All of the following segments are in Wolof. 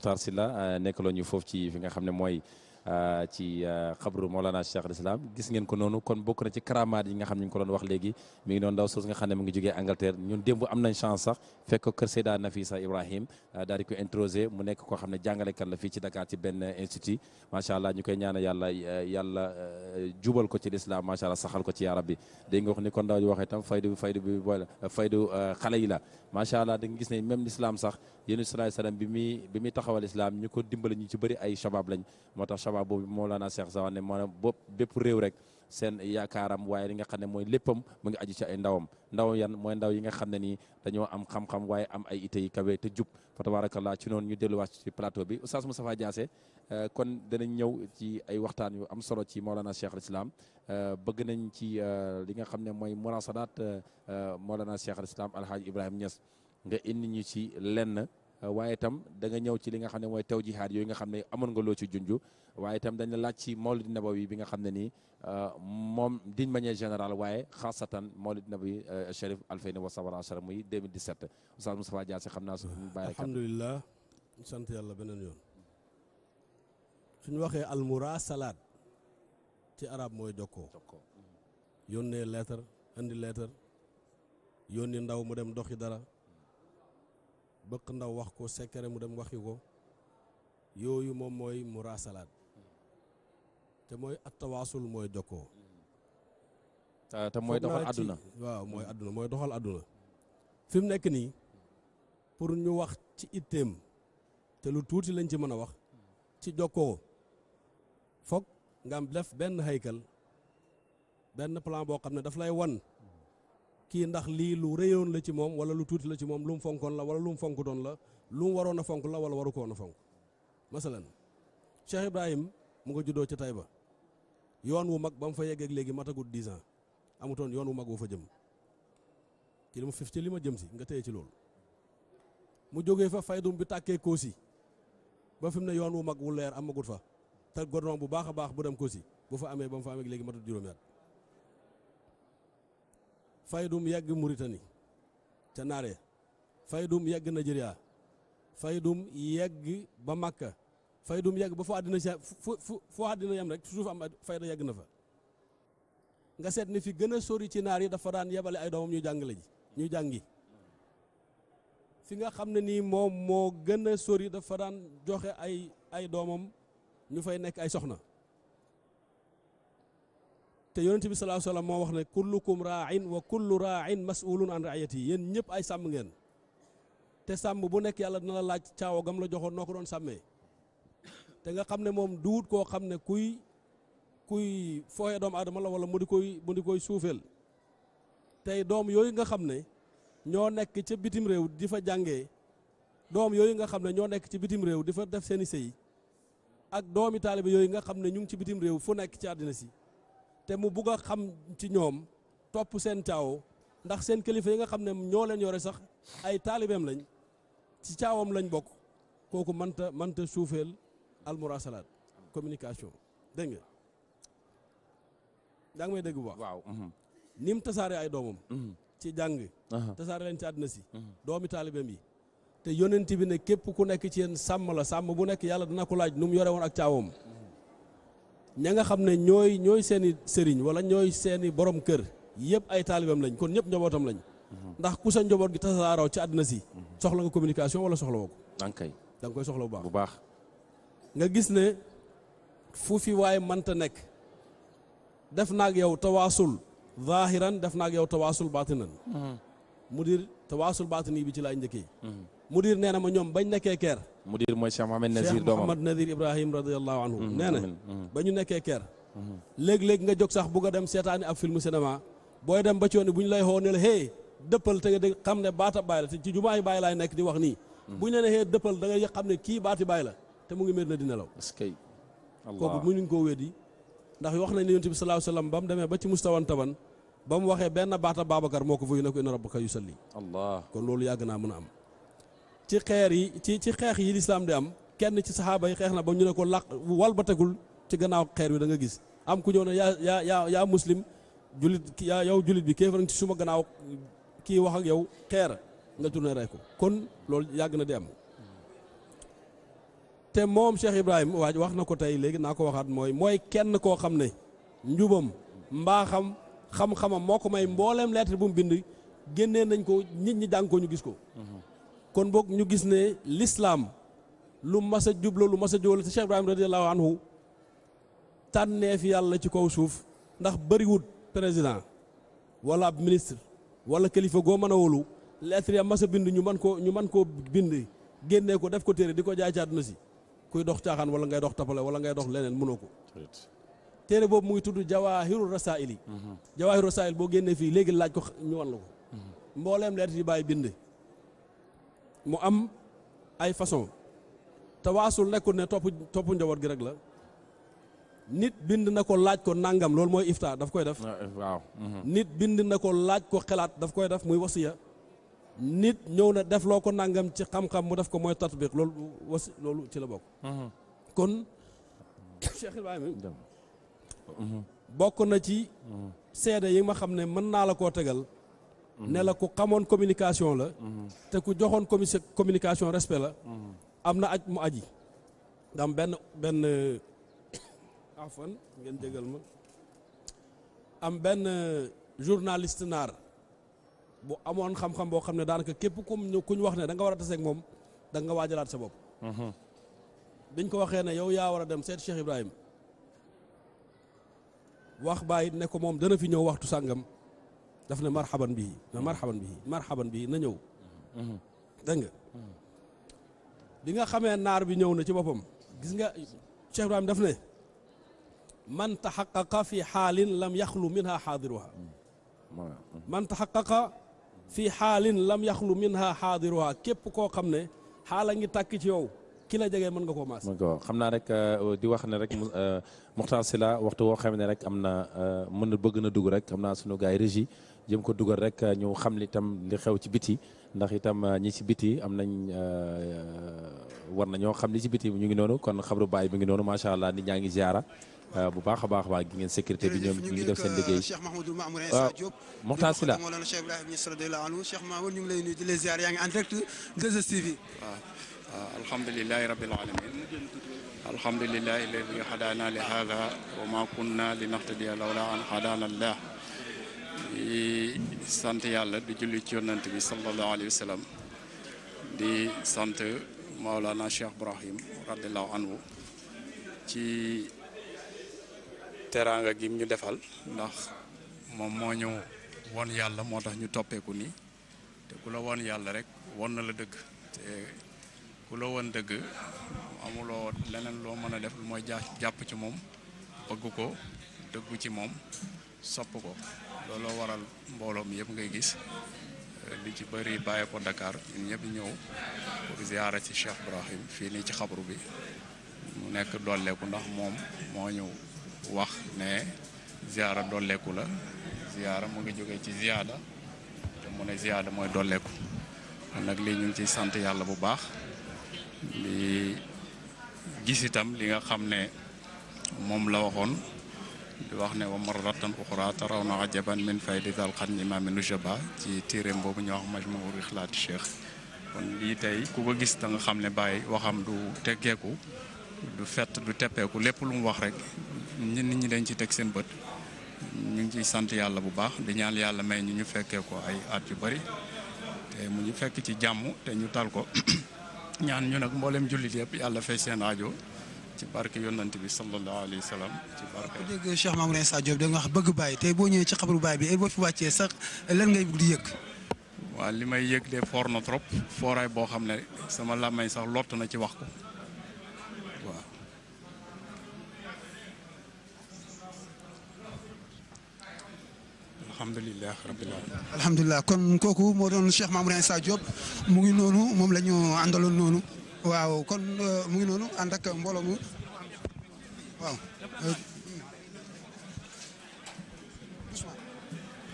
Makhtar Sylla euh, nekkaloon ñu foofu ci fi nga xam ne mooy Euh, ci euh, xabru Mawlana Cheikh al gis ngeen ko noonu kon bokk na ci karamaat yi nga xam ñu ngi ko doon wax léegi mi ngi doon daw soos nga xam ne mu ngi jógee Angleterre ñun démb am nañ chance sax fekk kër Seyda Nafisa Ibrahim euh, daal di mu nekk koo xam ne jàngalekat la fii ci Dakar ci benn institut macha allah ñu koy ñaanal yàlla yàlla jubal ko ci lislaam macha allah saxal ko ci yaa rabbi dégg nga wax ni kon daaw ñu waxee tam faydu faydu bi boole faydu xale yi la macha allah da nga gis ne même lislaam sax yéen salaay salaam bi muy bi muy taxawal islam ñu ko dimbale ñu bëri ay shabab lañ moo sabab boobu Mawlana Cheikh Sawa ne maanaam bopp bépp réew rek seen yaakaaram waaye li nga xam ne mooy léppam mu ngi aju ci ay ndawam ndaw yan mooy ndaw yi nga xam ne nii dañoo am xam-xam waaye am ay ité yi kawe te jub fa tabarakallah ci noonu ñu delluwaat ci plateau bi Oustaz Moustapha Diassé euh, kon danañ ñëw ci ay waxtaan yu am solo ci Mawlana Cheikh al Islam euh, bëgg nañ ci euh, li nga xam ne mooy murasadat Mawlana Cheikh al Islam Alhaaj Ibrahima Niass nga indi ñu ci lenn waaye itam da nga ñëw ci li nga xam ne mooy taw jihaad yooyu nga xam ne amoon nga loo ci junj waaye tam dañ la laaj ci mawlid nabawi bi nga xam ne ni euh, moom d'une manière général waaye xaasatan mawlid nabawi euh, Cherif Alfayni wa sabra ashara muy 2017 Oustaz Moustapha Dia si xam naa su ah, ñu bàyyi alhamdulilah sant yàlla beneen yoon suñu waxee almurasalaat ci arab mooy jokkoo yónnee lettre andi lettre yónni ndaw mu dem doxi dara bëkk ndaw wax ko sekkere mu dem waxi ko yooyu moom mooy murasalaat te mooy attawaasul mooy jokkoo te mooy doxal àdduna waaw mooy àdduna mooy doxal àdduna fi mu nekk nii pour ñu wax ci itteem te lu tuuti lañ ci mën a wax ci jokkoo foog nga def benn haykal benn plan boo xam ne daf lay wan kii ndax lii lu réyoon la ci moom wala lu tuuti la ci moom lu mu fonkoon la wala lu mu fonkutoon la lu mu waroon a fonk la wala waru koon a fonk masalan Cheikh Ibrahim mu nga juddoo ca ba yoon wu mag ba mu fa yeggeeg léegi matagut 10 ans amutoon yoon wu mag wu fa jëm ci li ma fif ci li ma jëm si nga téye ci loolu mu jógee fa faydum bi tàkkee Koosi ba fi mu ne yoon wu mag wu leer amagut fa te goudron bu baax a baax bu dem Koosi bu fa amee ba mu fa léegi matut juróomi faydum yàgg Mauritanie ca naare faydum yàgg Nigeria faydum yegg ba Makka faydum yegg ba foo àddina si foo àddina yam rek suuf am fayda yàgg na fa nga seet ni fi gën a sori ci naar yi dafa daan yebale ay doomam ñu jàngale ji ñu jàngi fi nga xam ne nii moom moo gën a sori dafa daan joxe ay ay doomam ñu fay nekk ay soxna te yonent bi sallallahu alayhi wasallam moo wax ne kullukum raain wa kullu raain mas'ulun an raayati yi yéen ñëpp ay sàmm ngeen te sàmm bu nekk yàlla dina la laaj caawa gam la joxoon noo ko doon sàmmee te nga xam ne moom duut koo xam ne kuy kuy fooye doomu aadama la wala mu di koy mu di koy suufeel tey doom yooyu nga xam ne ñoo nekk ca bitim réew di jàngee doom yooyu nga xam ne ñoo nekk ci bitim réew di fa def seen i sëy ak doomi taalibe yooyu nga xam ne ñu ngi ci bitim réew fu nekk ci àddina si te mu bugg a xam ci ñoom topp seen caaw ndax seen kilifa yi nga xam ne ñoo leen yore sax ay taalibeem lañ ci caawam lañ bokk kooku mënta mënta suufeel almurasalaat communication dégg nga daa ngi may dégg bu baax waaw mhm. mu tasaare ay doomam mhm. ci jàng tasaare leen ci àddina si mhm. doomi taalibeem yi te yonent bi ne képp ku nekk ci yéen sàmm la sàmm bu nekk yàlla dina ko laaj nu mu yore woon ak caawam ña nga xam ne ñooy ñooy seeni i sëriñ wala ñooy seeni borom kër yëpp ay taalibam lañ kon ñëpp njobootam lañ mhm. ndax ku sa njoboot gi tasaaroo ci àddina si mhm. soxla nga communication wala soxla woo ko da nga koy soxla bu baax bu baax nga gis ne fu waaye waay mënta nekk def naag yow tawaasul zaahiran def naag yow tawaasul baatinan mhm. mudir tawaasul baatini bi ci laay njëkkee mudir nee na ma ñoom bañ nekkee keer mudir mooy Cheikh Mohamed Nazir doomam Ibrahim radiallahu anhu mm-hmm. nee mm-hmm. mm-hmm. ba ñu nekkee ker léeg-léeg nga jóg sax bugg a dem seetaani ab film cinéma booy dem ba ci yoon bu ñu lay xoo ne la hey dëppal te nga dégg xam ne baata baay la te ci jumaa yi baay laay nekk di wax nii bu ñu la nee dëppal da ngay xam ne kii baati baay la te mu ngi mel na di nelaw kooku mënuñ koo wéddi ndax wax nañ ne yonent bi sallallahu alayhi wa sallam ba mu demee ba ci mustawan taban ba mu waxee benn baata Babacar moo ko fayu ne ko inna rabbaka kon loolu yàgg naa mën a am ci xeer yi ci ci xeex yi lislaam di am kenn ci saxaaba yi xeex na ba ñu ne ko làq wal ba tegul ci gannaaw xeer wi danga gis am ku ñëw ne yaa yaa yaa yaa muslim julit yaa yow julit bi kéefar ci suma gannaaw kii wax ak yow xeer nga tourné rey ko kon lool yàgg na di am te moom Cheikh Ibrahima waaj wax na ko tey léegi naa ko waxaat mooy mooy kenn koo xam ne njubam mbaaxam xam-xamam moo ko may mbooleem lettre bu mu bind génnee nañ ko nit ñi jàng ko ñu gis ko mhm. kon boog ñu gis ne lislaam lu mas a jublo lu mas a jublo ci Cheikh Ibrahim radiallahu anhu tànneef yàlla ci kaw suuf ndax bëriwut président wala ab ministre wala kilifa goo mën a wóolu ya mas a bind ñu mën koo ñu mën koo bind génnee ko def ko téere di ko jaay ci àdduna si kuy dox caaxaan wala ngay dox tapale wala ngay dox leneen mënoo ko téere boobu muy tudd jawaahiru rasaa'il yi mhm. jawaahiru rasaa'il boo génnee fii léegi laaj ko ñu wan la ko mhm. mbooleem lettre yi bàyyi bind mu am ay façon tawaasul nekkul ne topp topp njaboot gi rek la nit bind na ko laaj ko nangam loolu mooy ifta daf koy def ah, eh, mhm. nit bind na ko laaj ko xalaat daf koy def muy wasiya nit ñëw na def loo ko nangam ci xam-xam mu def ko mooy tatbiq loolu wasi loolu ci la bokk mhm. kon mhm. bokk na ci seede yi ma xam ne mën naa la koo tegal ne la ku xamoon communication la te ku joxoon communication respect la am na aj mu aji dam benn benn afan ngeen jégal ma am benn journaliste naar bu amoon xam-xam boo xam ne daanaka képp ku ñu wax ne danga nga war a taseeg moom da nga waajalaat sa bopp biñ ko waxee ne yow yaa war a dem seet Cheikh Ibrahim wax bàyyi ne ko moom dana fi ñëw waxtu sàngam daf ne marhaban bii na marhaban bii marhaban bii na ñëw dégg nga bi nga xamee naar bi ñëw na ci boppam gis nga Cheikh Ibrahim daf ne man taxaqaqa fi xaalin lam yaxlu minha xaadiruha man taxaqaqa fi xaalin lam yaxlu minha xaadiruha képp koo xam ne xaala ngi tàkk ci yow ki la jege mën nga koo maas xam naa rek euh, di wax ne rek Muxtaar euh, Sila waxtu woo xam ne rek am na euh, mën na bëgg na dugg rek am naa sunu gaay régie jëm ko dugal rek ñu xam li itam xew ci biti ndax itam ah, ñi ci biti am nañ ah, war na ñoo xam li ci biti ñu ngi noonu kon xabru baay bi ngi noonu macha allah nit ñaa ngi ziara ah, bu baax a baax gi ngeen sécurité bi ñoom ñu ngi def seen liggéey waaw Mokhtar Sylla ñu ngi lay nuyu di la ziar yaa ngi en direct 2STV waaw alhamdulilahi rabbil alamin alhamdulilahi alladi hadaana ma kunna linahtadiya lawla an hadaana di sant yàlla di julli ci yonant bi sallallahu alayhi wa sallam di sant Maolana Cheikh Ibrahim radiallahu anhu ci teraanga gim ñu defal ndax moom moo ñu won yàlla moo tax ñu toppeeku nii te ku la won yàlla rek won na la dëgg te ku la won dëgg amuloo leneen loo mën a def mooy jàpp ci moom bëgg ko dëggu ci moom sopp ko looloo waral mbooloo mi yëpp ngay gis eh, li ci bëri bàyyi ko Dakar ñun ñëw pour ci Cheikh Ibrahim fii nii ci xabru bi mu nekk dolleeku ndax moom moo ñu wax ne ziara dolleeku la ziara mu ngi jógee ci ziyaada te mu ne ziyaada mooy dolleeku nag lii ñu ngi ciy sant yàlla bu baax di gis itam li nga xam ne moom la waxoon di wax ne wa marratan a taraw na ajaban min faydi dal xan imaami nujaba ci téeréem boobu ñu wax majmuur ixlaat cheikh kon lii tey ku ko gis da xam ne bàyyi waxam du teggeeku du fett du teppeeku lépp lu wax rek nit ñi dañ ci teg seen bët ñu ngi ciy sant yàlla bu baax di ñaan yàlla may ñu ñu fekkee ko ay at yu bari te mu ñu fekk ci jàmm te ñu tal ko ñaan ñu nag mboolem jullit yëpp yàlla fay seen aajo ci barke yonante bi sallallahu alayhi wa sallam ci barke bu dégg Cheikh Mamour Insa Diop da nga wax bëgg bàyyi tey boo ñëwee ci xabru baay bi boo fi wàccee sax lan ngay bëgg di yëg waaw li may yëg de foor na trop fooraay boo xam ne sama làmmañ sax lott na ci wax ko waaw alhamdulilah kon kooku moo doon Cheikh Mamour Insa Diop mu ngi noonu moom lañu àndaloon noonu waaw kon mu ngi noonu ànd ak mbooloo mu waaw.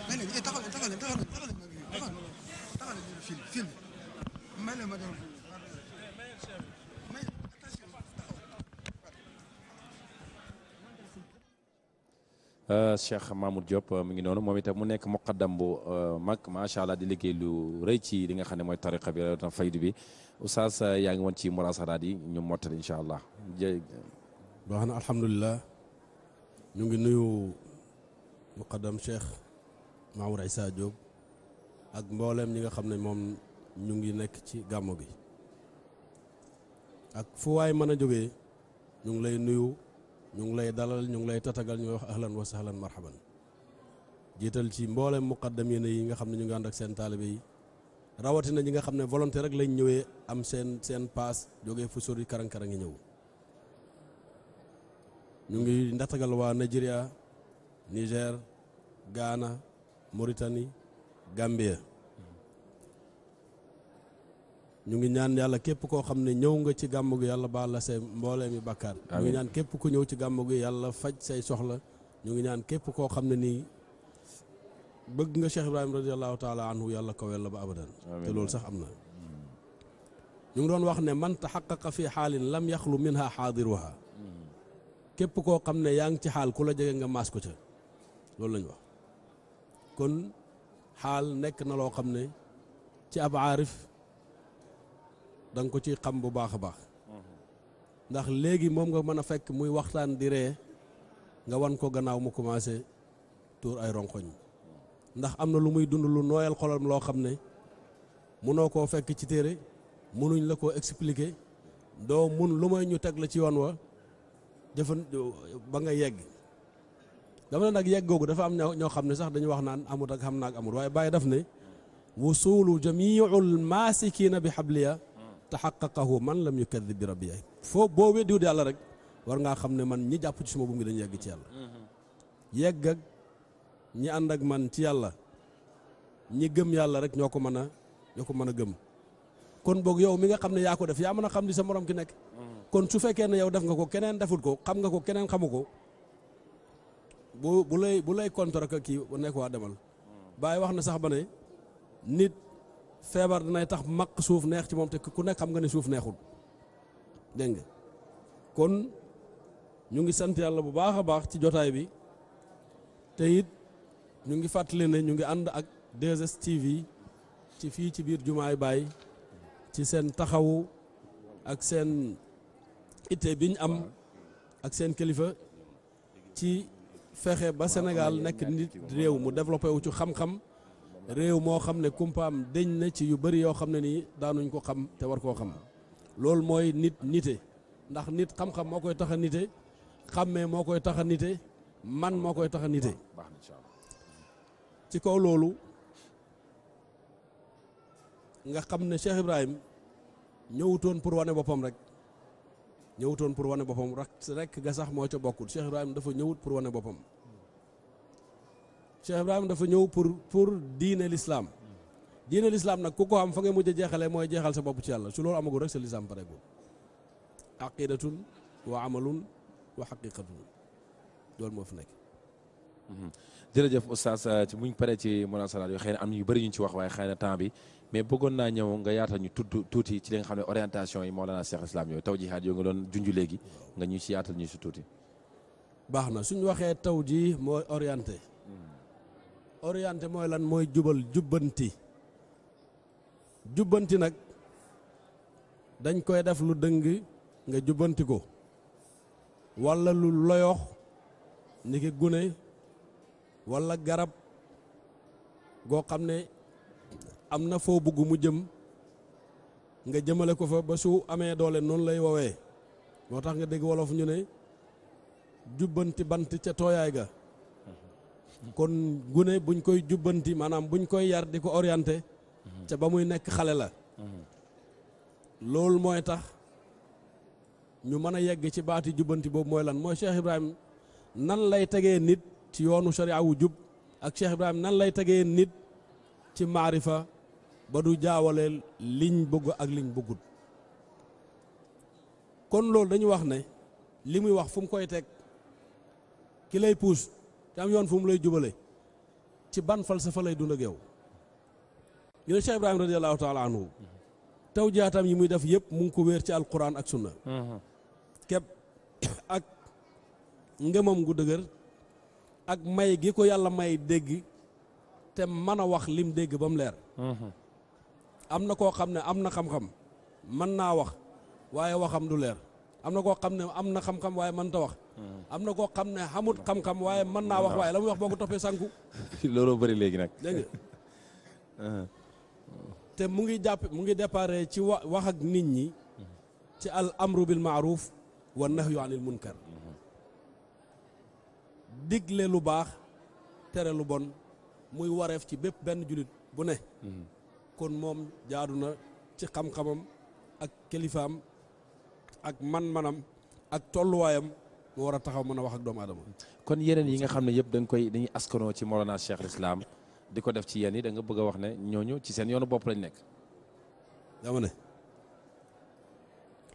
may leen taxaw leen taxaw leen taxaw leen taxaw leen film film Euh, Cheikh Mamoud Diop euh, mi ngi noonu moom itam mu nekk muqaddam bu euh, mag macha allah di liggéey lu rëy ci li nga xam ne mooy tariqa bi rawatina faydu bi oustaz yaa ngi woon ci murasaraat yi ñu mottali incha allah. baax na alhamdulilah ñu ngi nuyu muqaddam Cheikh Mamoud Issa Diop ak mbooleem ñi nga xam ne moom ñu ngi nekk ci gàmmu bi ak fu waay mën a jógee ñu ngi lay nuyu. ñu ngi lay dalal ñu ngi lay tatagal ñooy wax ahlan wa sahlan marhaban jiital ci mboolem muqaddam yéene yi nga xam ne ñu ngi ànd ak seen taalibe yi rawatina ñi nga xam ne volonté rek lañ ñëwee am seen seen paas jóge fu sori karang-karang yi ñëw ñu ngi ndatagal waa Nigeria Niger Ghana Mauritanie Gambia ñu ngi ñaan yàlla képp koo xam ne ñëw nga ci gàmmu gi yàlla baal la say mboolee mi bàkkaar ñu ngi ñaan képp ku ñëw ci gàmmu gi yàlla faj say soxla ñu ngi ñaan képp koo xam ne nii bëgg nga Cheikh Ibrahima radiallahu taala anhu yàlla kawel la ba abadan te loolu sax am na ñu ngi doon wax ne man taxaqaqa fi xaalin lam yaxlu minha xaadiruha képp koo xam ne yaa ngi ci xaal ku la jege nga maas ko ca loolu lañ wax kon xaal nekk na xam ne ci ab aarif da nga ko ciy xam bu baax a baax mm-hmm. ndax léegi moom nga mën a fekk muy waxtaan di ree nga wan ko gannaaw mu commencé tuur ay rongoñ ndax am na lu muy dund lu nooyal xolam loo xam ne mënoo koo fekk ci téere mënuñ la koo expliquer doo mun lu may ñu teg la ci yoon wa jëfan ba nga yegg dama ne nag yegg googu dafa am ñoo xam ne sax dañu wax naan amut ak xam naa ak amut waaye bàyyi daf ne wusulu jamiul maasikina bi xabliya taxaqaqahu man lam yukadib bi rabbi yaay foo boo weddiwut yàlla rek war ngaa xam ne man ñi jàpp ci suma bu ngi dañu yegg ci yàlla yegg ak ñi ànd ak man ci yàlla ñi gëm yàlla rek ñoo ko mën a ñoo ko mën a gëm kon boog yow mi nga xam ne yaa ko def yaa mën a xam li sa morom ki nekk kon su fekkee ne yow def nga ko keneen deful ko xam nga ko keneen xamu ko bu bu lay bu lay contre ki nekk waa demal bàyyi wax na sax ba ne nit feebar dinay tax maq suuf neex ci moom te ku nekk xam nga ne suuf neexul dégg nga kon ñu ngi sant yàlla bu baax a baax ci jotaay bi te it ñu ngi fàttali ne ñu ngi ànd ak 2STV ci fii ci biir jumaay baay ci seen taxawu ak seen itte biñ am ak seen kilifa ci fexe ba Sénégal nekk nit réew mu développé wu ci xam-xam réew moo xam ne kumpaam deñ na ci yu bëri yoo xam ne nii daanuñ ko xam te war koo xam loolu mooy nit nite ndax nit xam-xam moo koy tax a nite xàmmee moo koy tax a nite man moo koy tax a nite ci kaw loolu nga xam ne Cheikh Ibrahim ñëwutoon pour wane boppam rek ñëwutoon pour wane boppam rek rek ga sax moo ca bokkul Cheikh Ibrahim dafa ñëwut pour wane boppam Cheikh Ibrahima dafa ñëw pour pour diine l'islam diine l'islam nag ku ko am fa nga mujj a jeexalee mooy jeexal sa bopp ci yàlla su loolu amagul rek sa lislaam pareegul aqidatun wa amalun wa xaqiqatun loolu moo fi nekk mhm. jërëjëf oustaz ci buñ paree ci monasalaat yoo xëy na am ñu bari ñu ci wax waaye xëy na temps bi mais bëggoon naa ñëw nga yaatal ñu tudd tuuti ci li nga xam ne orientation yi Mawlana Cheikh Islam yooyu tawjihaat yoo nga doon junj léegi nga ñu ci yaatal ñu si tuuti baax na suñ waxee taw ji mooy orienté orienté mooy lan mooy jubal jubbanti jubbanti nag dañ koy def lu dëng nga jubbanti ko walla lu loyox niki gune walla garab goo xam ne am na foo bugg mu jëm nga jëmale ko fa ba su amee doole noonu lay woowee moo tax nga dégg wolof ñu ne jubbanti bant ca tooyaay ga kon gune buñ koy jubbanti maanaam buñ koy yar di ko orienté ca ba muy nekk xale la loolu mooy tax ñu mën a yegg ci baati jubbanti boobu mooy lan mooy Cheikh Ibrahim nan lay tegee nit ci yoonu sharia wu jub ak Cheikh Ibrahim nan lay tegee nit ci maarifa ba du jaawale liñ bëgg ak liñ bëggut kon loolu dañu wax ne li muy wax fum koy teg ki puus te am yoon fu mu lay jubale ci ban falsafa lay dund ak yow yooyu Cheikh Ibrahima radiallahu taala anhu jaatam yi muy def yëpp mu ngi ko wéer ci alquran ak sunna mhm. képp ak ngëmam gu dëgër ak may gi ko yàlla may dégg te mën a wax lim dégg ba mu leer mhm. am na koo xam ne am na xam-xam mën naa wax waaye waxam du leer am na koo xam ne am na xam-xam waaye mën ta wax am na koo xam ne xamut xam waaye mën naa wax waaye la muy wax boo ko toppee sànku looloo bari léegi nag dégg uh-huh. te mu ngi jàpp mu ngi déparé ci wa wax ak nit ñi ci al amru bil maaruf wa nahyu anil digle lu baax tere lu bon muy wareef ci bépp benn jullit bu ne mm-hmm. kon moom jaadu na ci xam-xamam ak kilifaam ak man-manam ak tolluwaayam mu war a taxaw mën a wax ak doomu aadama kon yeneen yi nga xam ne yëpp da koy dañuy askanoo ci Mawlana Cheikh Islam di ko def ci yéen yi danga bëgg a wax ne ñooñu ci seen yoonu bopp lañ nekk dama ne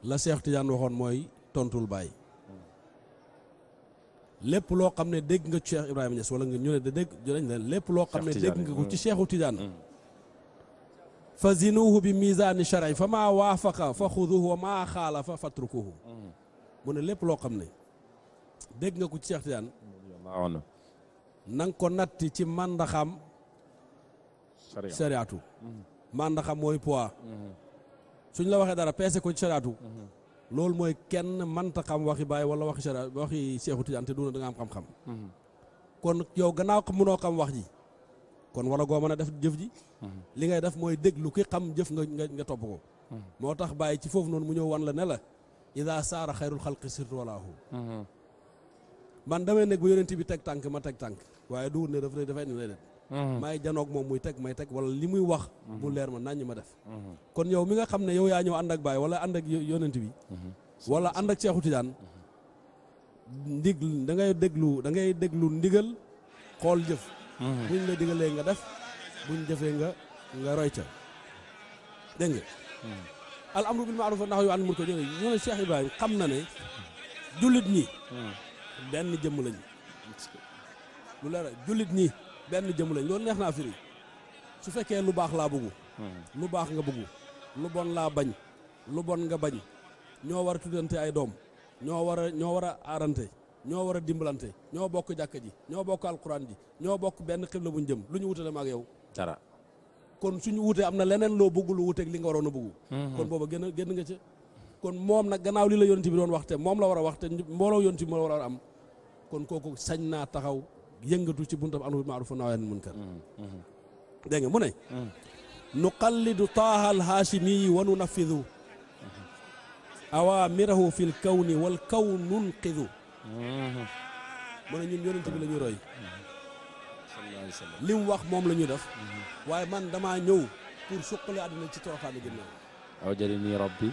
la Cheikh Tidiane waxoon mooy tontul baay lépp loo xam ne dégg nga Cheikh Ibrahima Niass wala nga ñu ne da dégg jëlañ leen lépp loo xam ne dégg nga ko ci seexu Tidiane mm. fa zinuhu bi misaani shari fa maa waafaqa fa xuduhu wa maa xaalafa fatrukuhu mu ne lépp loo xam ne dégg nga ko ci Cheikh Tidiane na nga ko natti ci mandaxam shariatu mhm. màndaxam mooy poids mhm. suñ la waxee dara peese ko ci mhm. loolu mooy kenn mënta xam waxi baay wala waxi shariatu waxi Cheikhu Tidiane te du na da am xam-xam kon yow gannaaw ko mënoo xam wax ji kon wala goo mën a def jëf ji mhm. li ngay def mooy déglu ki xam jëf nga nga topp ko mhm. moo tax bàyyi ci foofu noonu mu ñëw wan la ne la ida saara xayrul xalqi sirtu walaahu mhm. man damay nekk bu yonent bi teg tànk ma teg tànk waaye duwut ne daf dafay ne déedéet moom muy teg may teg wala li muy wax mu leer ma naññ ma def kon yow mi nga xam ne yow yaa ñëw ànd ak wala ànd ak yonent bi wala ànd ak Seexu Tijaan ndig da déglu da déglu ndigal xool jëf Mm-hmm. buñ la digalee nga def bu ñu defee nga nga roy ca dégg nga mm-hmm. al amru bil maaruf wa nahyu anil munkar ñoo ne ñoo ne Cheikh Ibrahima xam na ne mm-hmm. jullit ñi benn jëmm lañ lu leer jullit ñi benn jëmm lañ loolu neex naa firi su fekkee lu baax laa bëggu lu baax nga bëggu lu bon laa bañ lu bon nga bañ ñoo war a tuddante ay doom ñoo war a ñoo war a aarante ñoo war a dimbalante ñoo bokk jàkka ji ñoo bokk alquran ji ñoo bokk benn xibla bu ñu jëm lu ñu wutale ma ak yow. dara kon suñu wutee am na leneen loo bëggul wuteeg li nga waroon a buggu mhm. kon booba génn nga ca. kon moom na gannaaw li la yonent bi doon wax te moom la war a wax te mbooloo yonent bi moo war a am kon kooku sañ naa taxaw yëngatu ci buntam amru bil ma'ruf wa nahyi anil munkar. Mhm, mhm. dégg nga mu ne. nuqallidu taaha al-haashimi wa nunaffidhu awaamirahu fil kawni wal kawnu nunqidhu mu ne ñun yonent bi la roy li wax moom la ñu def mhm. waaye man damaa ñëw pour suqali àdduna ci toroxaanu ginnaaw aw jëri nii rabbi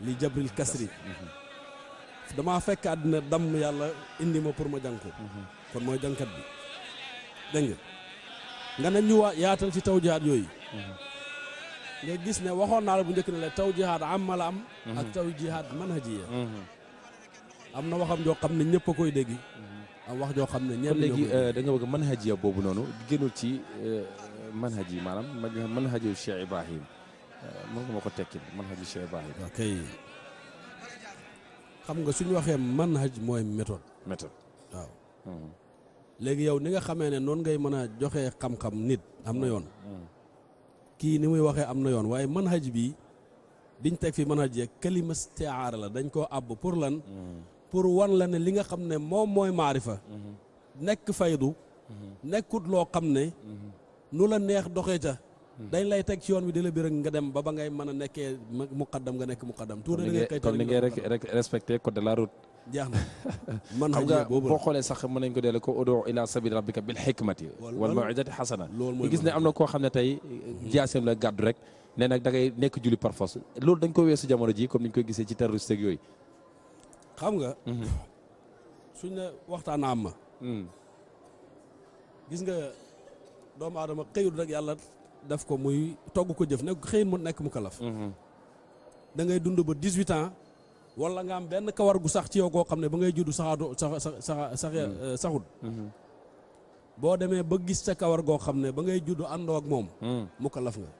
li jabril kasri mhm. damaa fekk àdduna damm yàlla indi ma pour ma jànku mhm. kon mooy jànkat bi dégg nga ne ñu waa yaatal ci taw jihaad yooyu nga gis ne waxoon naa la bu njëkk ne la taw jihaad am mala am ak taw jihaad manhajiya am na waxam joo xam ne ñëpp koy dégg. am wax joo xam ne ñenn léegi euh, da nga bëgg manhajiya boobu noonu génnul ci euh, manhaj yi maanaam manhaju Cheikh Ibrahim euh, mën nga ma ko tekkil manhaju Cheikh Ibrahim. ok xam nga suñu waxee manhaj mooy méthode. méthode waaw. Hmm. léegi yow ni nga xamee ne noonu ngay mën a joxe xam-xam nit am na hmm. yoon. Hmm. kii ni muy waxee am na yoon waaye manhaj bi biñ teg fi manhaj yeeg kalima istiaara la dañ koo àbb pour lan. pour wan la ne li nga xam ne moom mooy maarifa mhm. nekk faydu mhm. nekkut loo xam ne mhm. nu la neex doxee ca dañ lay teg ci yoon bi di la biral nga dem ba ba ngay mën a nekkee muqaddam nga nekk muqaddam tuur na kay kon li ngay rek respecté code de la route jeex na man xam nga boo xoolee sax mën nañ ko delle ko odo ila sabili rabbika na koo xam ne tey rek ne nag da ngay nekk julli par force loolu dañ ko weesu jamono ji comme niñ koy gisee ci terroriste ak yooyu xam nga. Mhm. suñ ne waxtaan am ma. Mhm. gis nga doomu aadama xëyul rek yàlla def ko muy togg ko jëf ne xëy mu nekk mu kalaf. Mhm. dangay dund ba dix huit ans wala nga am benn kawar gu sax ci yow koo xam ne ba ngay juddu saxaatu sax sax sax eh, saxut. boo demee ba gis sa kawar goo xam ne ba ngay juddu àndoo ak moom. mu kalaf nga.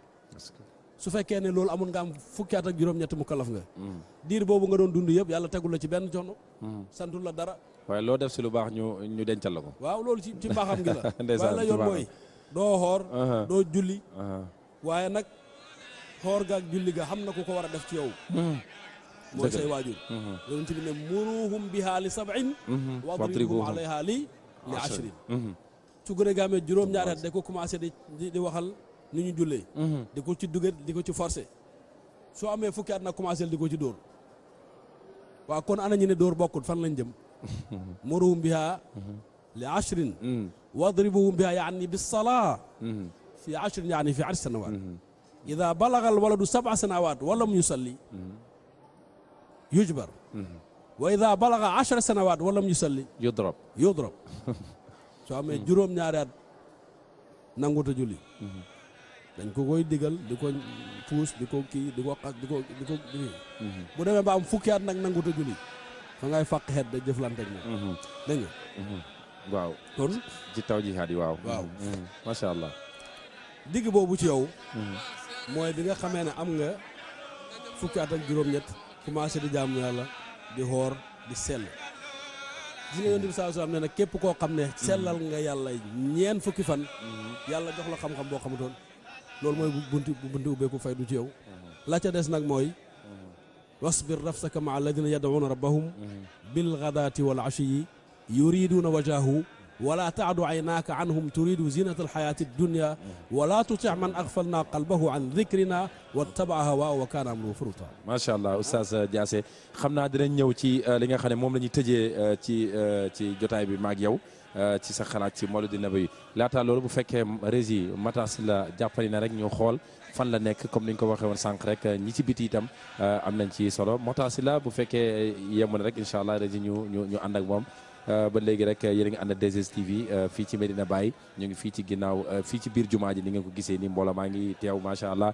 su fekkee ne loolu amul nga am fukki at ak juróom-ñetti mu kalaf nga. Hmm. diir boobu nga doon dund yëpp yàlla tegul la ci benn coono. Hmm. santul la dara. waaye loo def si lu baax ñu ñu dencal la ko. waaw loolu ci ci mbaaxam gi la. ndeysaan la yoon mooy doo xoor. Uh-huh. doo julli. Uh-huh. waaye nag xoor ga ak ga xam na ku ko war a def ci yow. Hmm. mooy say waajur. Uh-huh. yonent bi ne muruhum bihaa li sab'in. wadribuhum su gën a gaamee juróom-ñaari at ko commencé di di waxal. ni ñu jullee. Mhm. di ko ci dugal di ko ci forcer. soo amee fukki at nag commencé di ko ci dóor. waaw kon ana ñu ne dóor bokkul fan lañ jëm. muruhum biha mhm. li ashrin. Mm. wadribuhum biha yaani bi salaa. Mhm. fi ashrin yaani fi ashri sanawaat. ida balagal waladu sab'a sanawaat wala mu yusalli. yujbar. wa ida balaga sanawaat wala mu yusalli. yudrab yudrab. soo amee juróom-ñaari at nanguta julli. dañ ko koy digal di ko puus di ko kii di ko xas di ko di ko mhm. bu demee ba am fukki at nag nanguta julli fa ngay fàq xeet da jëflante ak moom mhm. dégg nga mhm. waaw kon ci taw ji jihaad yi waaw waaw macha allah digg boobu ci yow mooy bi nga xamee ne am nga fukki at ak juróom-ñett commencé di jaamu yàlla di xoor di sell gis nga yonent bi sallallahu alayhi nee na képp koo xam ne sellal nga yàlla ñeen fukki fan yàlla jox la xam-xam boo xamutoon loolu mooy buntu buntu ubbeeku faydu ci yow mm-hmm. la ca des nag mooy mm-hmm. wasbir nafsaka maa alladina yad'uuna rabbahum mm-hmm. bilgadaati wal ashiyi yuriduuna wajahu wala taadu aynaaka anhum turidu zinata alxayaati dunya wala tuti man axfalna qalbahu an dikrina wattaba hawa wa kaana amruhu furuta macha allah oustaz Diassé xam naa dinañ ñëw ci euh, li nga xam ne moom la ñuy tëjee euh, ci euh, ci jotaay bi maag yow Euh, ci sa xalaat ci malo na Nabi laataa loolu bu fekkee régie matas la jàppali na rek ñu xool fan la nekk comme ni ñu ko waxee woon sànq rek ñi ci biti itam euh, am nañ ci solo motaasi la bu fekkee euh, yemu na rek incha allah régi ñu ñu ñu ànd ak moom ba léegi rek yéen a ngi ànd ak 2STV fii ci Medina Baye ñu ngi fii ci ginnaaw fii ci biir jumaa ji ni ngeen ko gisee ni mbooloo maa ngi teew macha allah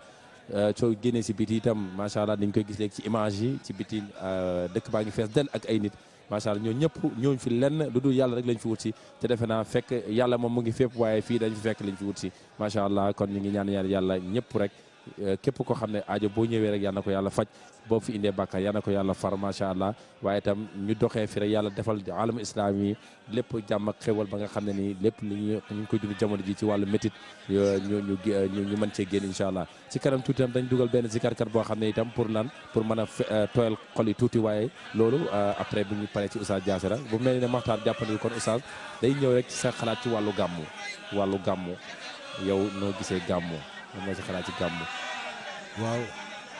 soo génnee si biti itam macha allah ni ñu koy gis léegi ci image yi ci biti dëkk baa ngi fees del ak ay nit macha allah ñoo ñëpp ñooñ fi lenn lu dul yàlla rek lañ fi wut si te defe naa fekk yàlla moom mu ngi fépp waaye fii dañ fi fekk lañ fi wut si macha allah kon ñu ngi ñaan yàlla ñëpp rek Euh, képp ko xam ne aajo boo ñëwee rek yal na ko yàlla faj boo fi indee bàkkaar yal na ko yàlla far macha allah waaye tam ñu doxee fi rek yàlla defal alamu islam yi lépp jàmm ak xéwal ba nga xam ne nii lépp lu ñu ngi koy dund jamono ji ci wàllu métit ñu ñu ñu mën cee génn allah si kanam tuuti itam dañ dugal benn si zikarkat boo xam ne itam pour lan pour mën a euh, tooyal xol yi tuuti waaye loolu euh, après bu ñu paree ci oustaz Diasera bu mel ne Maxtaar jàppandi kon oustaz day ñëw rek ci sa xalaat ci wàllu gàmmu wàllu gàmmu yow noo gisee gàmmu lan ci xalaat ci gàmmu. waaw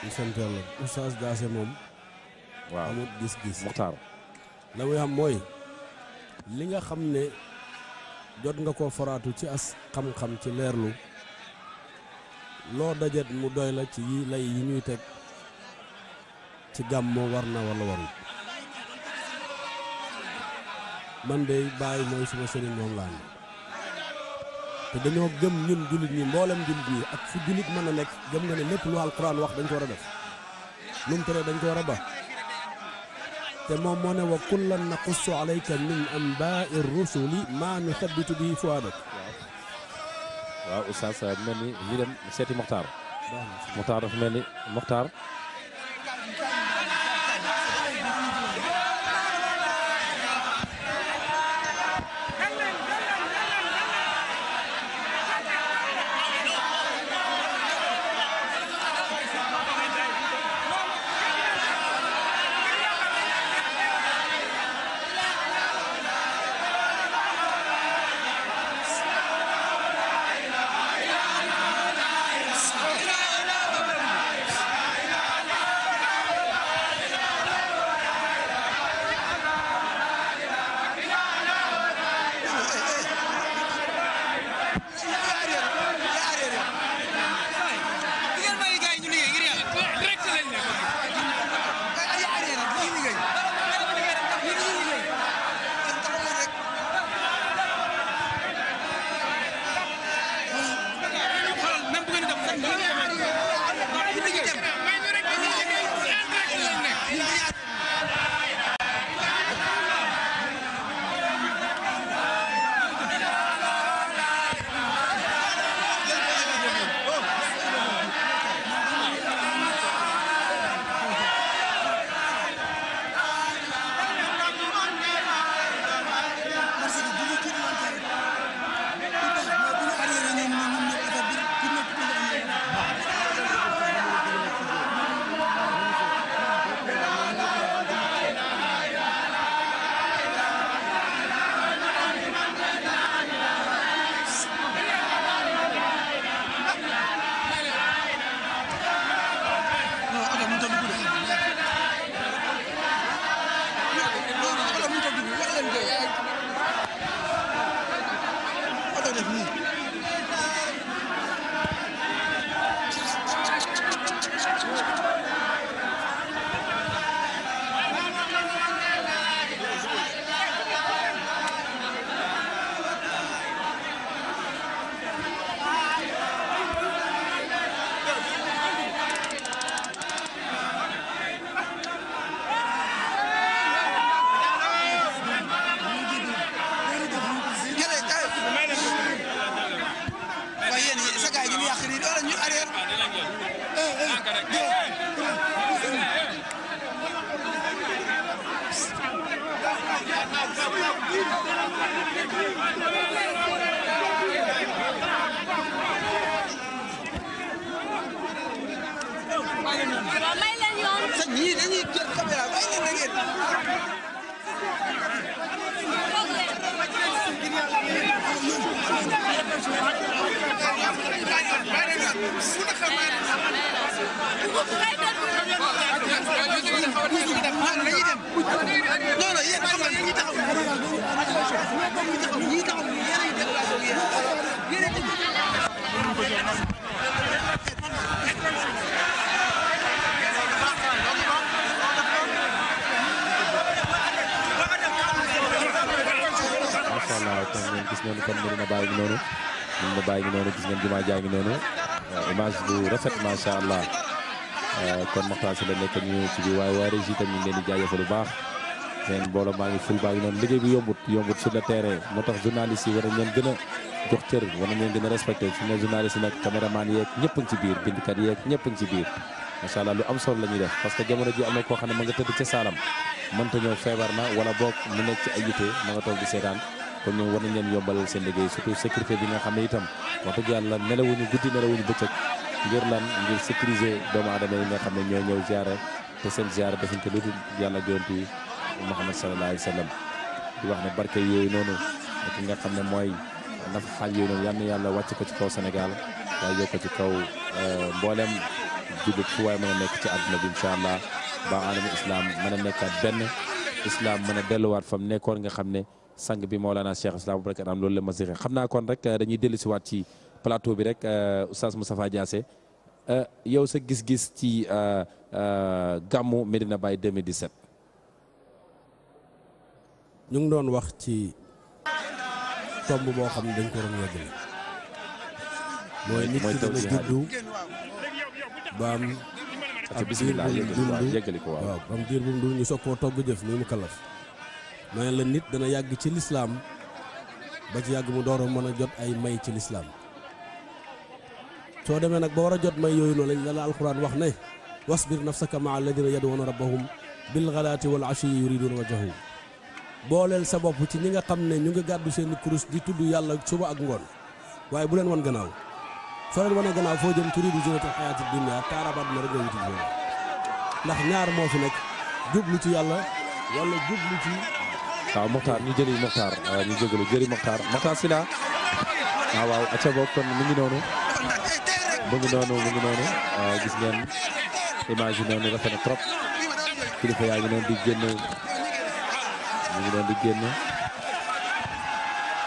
ñu sant yàlla oustaz moom. waaw amut gis-gis Muxtaar. la muy am mooy li nga xam ne jot nga ko faraatu ci as xam-xam ci leerlu loo dajet mu doy la ci yi lay yi ñuy teg ci gàmmoo war na wala warul man de bàyyi mooy suma sëriñ moom laa te dañoo gëm ñun jullit ñi mboolem jullit ñi ak fu jullit mën a nekk gëm nga ne lépp lu alquran wax dañ ko war a def tere dañ ko war a ba te moom moo ne wa kullan naqussu alayka min anbaai rusuli maa nuthabbitu bihi fuadak waaw oustaz mel ni ñu dem seeti Mokhtar Mokhtar dafa mel ni Mokhtar ngi noonu Medina Baye ngi noonu gis ngeen jumaa jaa ngi noonu image bu rafet macha allah euh, kon Makhtar Sylla nekk ñu ci biir waaye waa régie tam ñu ngi leen baax seen maa ngi ful baa ngi noonu liggéey bi yombut yombut sur le moo tax a jox cër war nañ leen gën a respecté su ne journaliste yi nag caméraman yeeg ñëpp ngi ci biir bindkat yeeg ñëpp ngi ci biir macha allah lu am solo la ñuy def parce que jamono ji am na ko xam ne ma nga tëdd ca saalam mënta ñëw feebar na wala boog mu nekk ci ay yite ma nga toog di seetaan kon ñoom war nañ leen yombalal seen liggéey surtout sécurité bi nga xam ne itam wax dëgg yàlla nelawuñu guddi nelawuñu bëccëg ngir lan ngir sécuriser doomu aadama yi nga xam ne ñooy ñëw ziare te seen ziare defuñ ko lu dul yàlla yonent bi Muhammad sallallahu alayhi wa sallam di wax ne barke yooyu noonu ki nga xam ne mooy nafa xaal yooyu noonu yal na yàlla wàcc ko ci kaw senegal waaye yokk ci kaw euh, mboolem jullit fu waaye mën a nekk ci àdduna bi incha allah ba alamu islam mën a nekkaat benn islam mën a delluwaat fa mu nekkoon nga xam ne. sang bi moo Mawlana Cheikh Islam Aboubacar am loolu la masiré xam naa kon rek euh, dañuy dellu si waat ci plateau bi rek euh, oustaz Moustapha Diassé euh, yow sa gis-gis ci gàmmu Medina Baye 2017. ñu ngi doon wax ci tomb boo xam ne dañ ko doon yeggali. mooy nit ki dana juddu ba am. ak biir ñu soog koo togg jëf muy mu kalaf. nee la nit dana yàgg ci lislaam ba ci yàgg mu door a mën a jot ay may ci lislaam soo demee nag ba war a jot may yooyu noonu la la alxuraan wax ne wasbir nafsaka maa alladina yaduuna rabbahum bil galaati wal ashiyi yuriduuna wajhahu booleel sa bopp ci ñi nga xam ne ñu ngi gàddu seen kurus di tudd yàlla suba ak ngoon waaye bu leen wan gannaaw soo leen wanee gannaaw foo jëm turidu zinata xayaati dunia taarabaat na rek nga wuti ndax ñaar moo fi nekk ci yàlla wala waaw Mokhtar ñu jëli Mokhtar ñu jégalu jëli Mokhtar Mokhtar Sylla ah, waaw waaw aca kon mu ngi noonu mu ngi noonu mu ngi noonu ah, gis ngeen image yi noonu rafet na trop kilifa yaa ngi noonu di génn mu ngi noonu di génn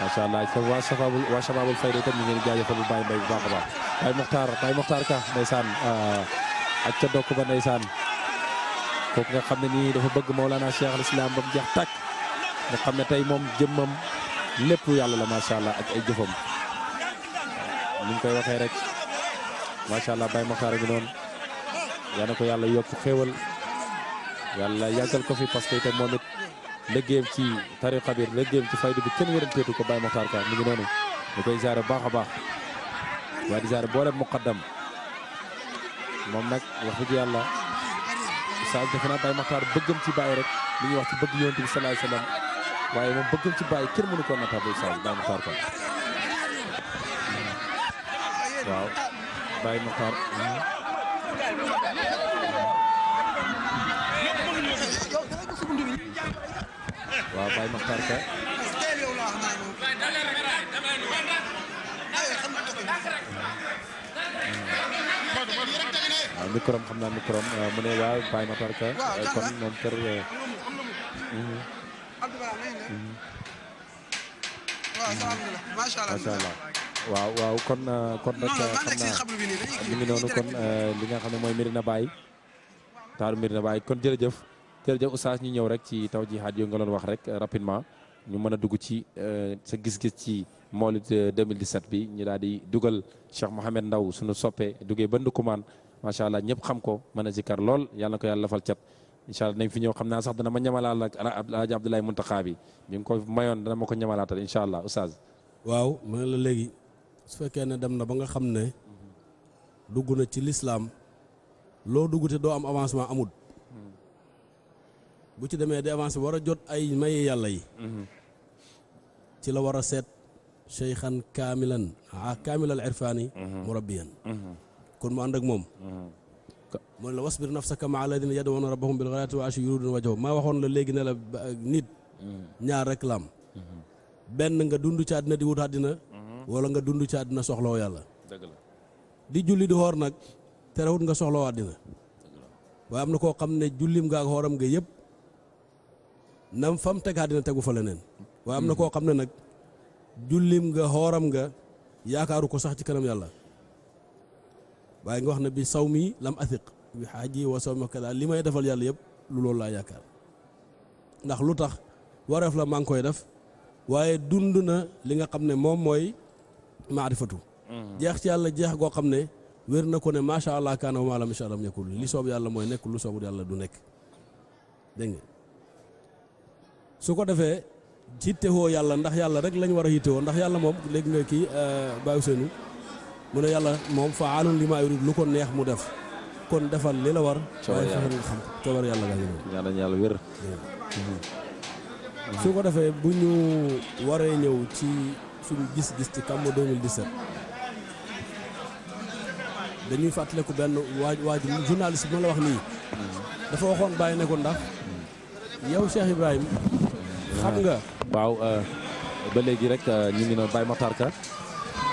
macha allah kon waa Shababul waa Shababul Fayda itam ñu ngi leen di jaajëfal bu bàyyi mbay bu baax a baax Baye Mokhtar Baye ka ndeysaan ak ah, ca dokk ba ndeysaan kooku nga xam ne nii dafa bëgg Mawlana Cheikh al Islam ba jeex tàkk nga xam ne tey moom jëmmam lépp yàlla la macha allah ak ay jëfam ni ñu koy waxee rek macha allah Baye Makhtar ngi noonu yaa na ko yàlla yokk xéewal yàlla yàggal ko fi parce que itam moom it liggéeyam ci tariqa bi liggéeyam ci faydu bi kenn wéranteetu ko Baye Makhtar Ka mi ngi noonu ñu koy jaare baax a baax waaye di jaare boole muqaddam moom nag wax dëgg yàlla saa defe naa Baye Makhtar bëggam ci Baye rek li ñuy wax ci bëgg yonent bi salaay waaye moom bëggam ci bàyyi kenn mënu ko natable Sadio Baye Makhtar Kane waaw Baye Makhtar waaw Baye xam naa micro mu ne waaw Baye Makhtar Kane kon moom kër euh, mhm. macha allah waaw waaw kon euh, kon nag euh, xam naa mi kon euh, li nga xam ne mooy Medina Baye taaru Medina baay kon jërëjëf jërëjëf Oustaz ñu ñëw rek ci taw jihaad yooyu nga doon wax rek rapidement ñu mën a dugg ci sa gis-gis ci Mawlid 2017 bi ñu daal di dugal Cheikh Mouhamed Ndaw suñu soppee duggee ba Ndoukoumane macha allah ñëpp xam ko mën a zikkar lool yàlla na ko yàlla lafal cat incha allah dinañ fi ñëw xam naa sax dana ma ñamalaal ak Alaaji Abdoulaye Muntaxa bi ñu ngi ko mayoon dana ma ko ñamalaatal incha allah Oustaz waaw mu ne la léegi su fekkee ne dem na ba nga xam ne dugg na ci lislaam loo dugg te doo am avancement amul bu ci demee di avancé war a jot ay maye yàlla yi ci la war a seet cheykhan kaamilan a ah, kaamilal irfaani murabbiyan kon mu ànd ak moom mu ne la wasbir nafsaka maa alladina yad'una rabbahum bil ghadati wa ashi yuriduna wajhahu maa waxoon la léegi ne la nit ñaar rek benn nga dund ci àddina di wut àddina mhm. wala nga dund ci àddina soxlaw yàlla dëgg la di julli di xoor nag terewut nga soxlaw àddina waaye am na koo xam ne jullim nga ak xooram nga yëpp nam fam teg àddina tegu fa leneen waaye am na mhm. koo xam ne nag jullim nga xooram nga yaakaaru ko sax ci kanam yàlla waaye nga wax na bi saw mi lam athiq bi xaaji wa saw mi kada li may defal yàlla yëpp lu loolu laa yaakaar ndax lu tax wareef la maa ngi koy def waaye dund na li nga xam ne moom mooy maarifatu mm. jeex ci yàlla jeex goo xam ne wér na ko ne macha allah kaana wa maalam incha allah nekkul li soob yàlla mooy nekk lu soobul du nekk nga su ko defee yittewoo yàlla ndax yàlla rek lañ war a yittewoo ndax yàlla moom léegi nga kii euh, bàyyi seenu mu ne yàlla moom faalun li maa lu ko neex mu def kon defal li la war. coobar yàlla waaye nga xam coobar yàlla nga ñu. ñaan yàlla wér. su ko defee bu ñu waree ñëw ci suñu gis-gis ci kàmm 2017 dañuy fàttaliku benn waaj waaju journaliste bi ma la wax nii dafa waxoon bàyyi ne ndax yow Cheikh Ibrahima xam nga waaw euh, ba léegi rek euh, ñu ngi noonu Baye Matar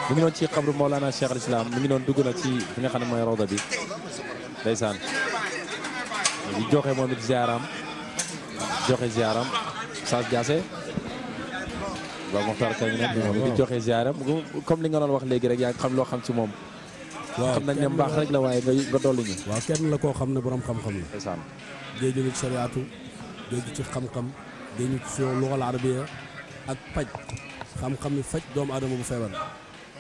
mu ngi noonu ci moo Mawlana Cheikh al Islam mu ngi noonu dugg na ci fi nga xam ne mooy rawda bi ndeysaan joxe moom it ziaram joxe ziaram Sass Diassé waaw Mokhtar kañ nekk comme li nga doon wax léegi rek yaa xam loo xam ci moom. waaw xam nañ ne mbaax rek la waaye nga dolli ñu. waaw kenn la koo xam ne borom xam-xam la. ndeysaan géeju ci sariyaatu géeju ci xam-xam géeju ci luxal arabiya ak paj xam-xam yi faj doomu aadama bu feebar.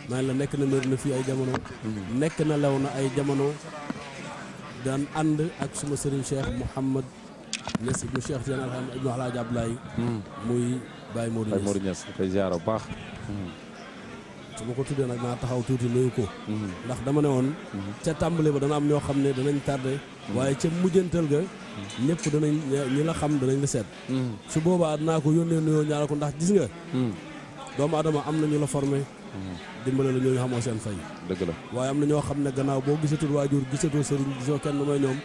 maa la nekk na mbir na fii ay jamono. Mm. nekk na lew na ay jamono daan ànd ak suma sëriñ Cheikh Mouhamad. Niass ibnu Cheikh Tidiane Alhamdulilah ibnu Alhaji Abdoulaye. Hmm. muy Baye moo Niass Baye Modou Niass koy ziar bu baax. Hmm. su ma ko tuddee nag naa taxaw tuuti nuyu ko. Hmm. ndax dama ne woon. ca tàmbali ba dana am ñoo xam ne danañ tardé. waaye ca mujjantal ga. ñëpp danañ ñi la xam danañ la seet. su boobaa naa ko yónnee nuyoo ñaara ko ndax gis nga. doomu adama am na ñu la formé. dimbale la ñooñu xamoo seen fay dëgg la waaye am na ñoo xam ne gannaaw boo gisatul waajur gisatoo sëriñ gisoo kenn may ñoom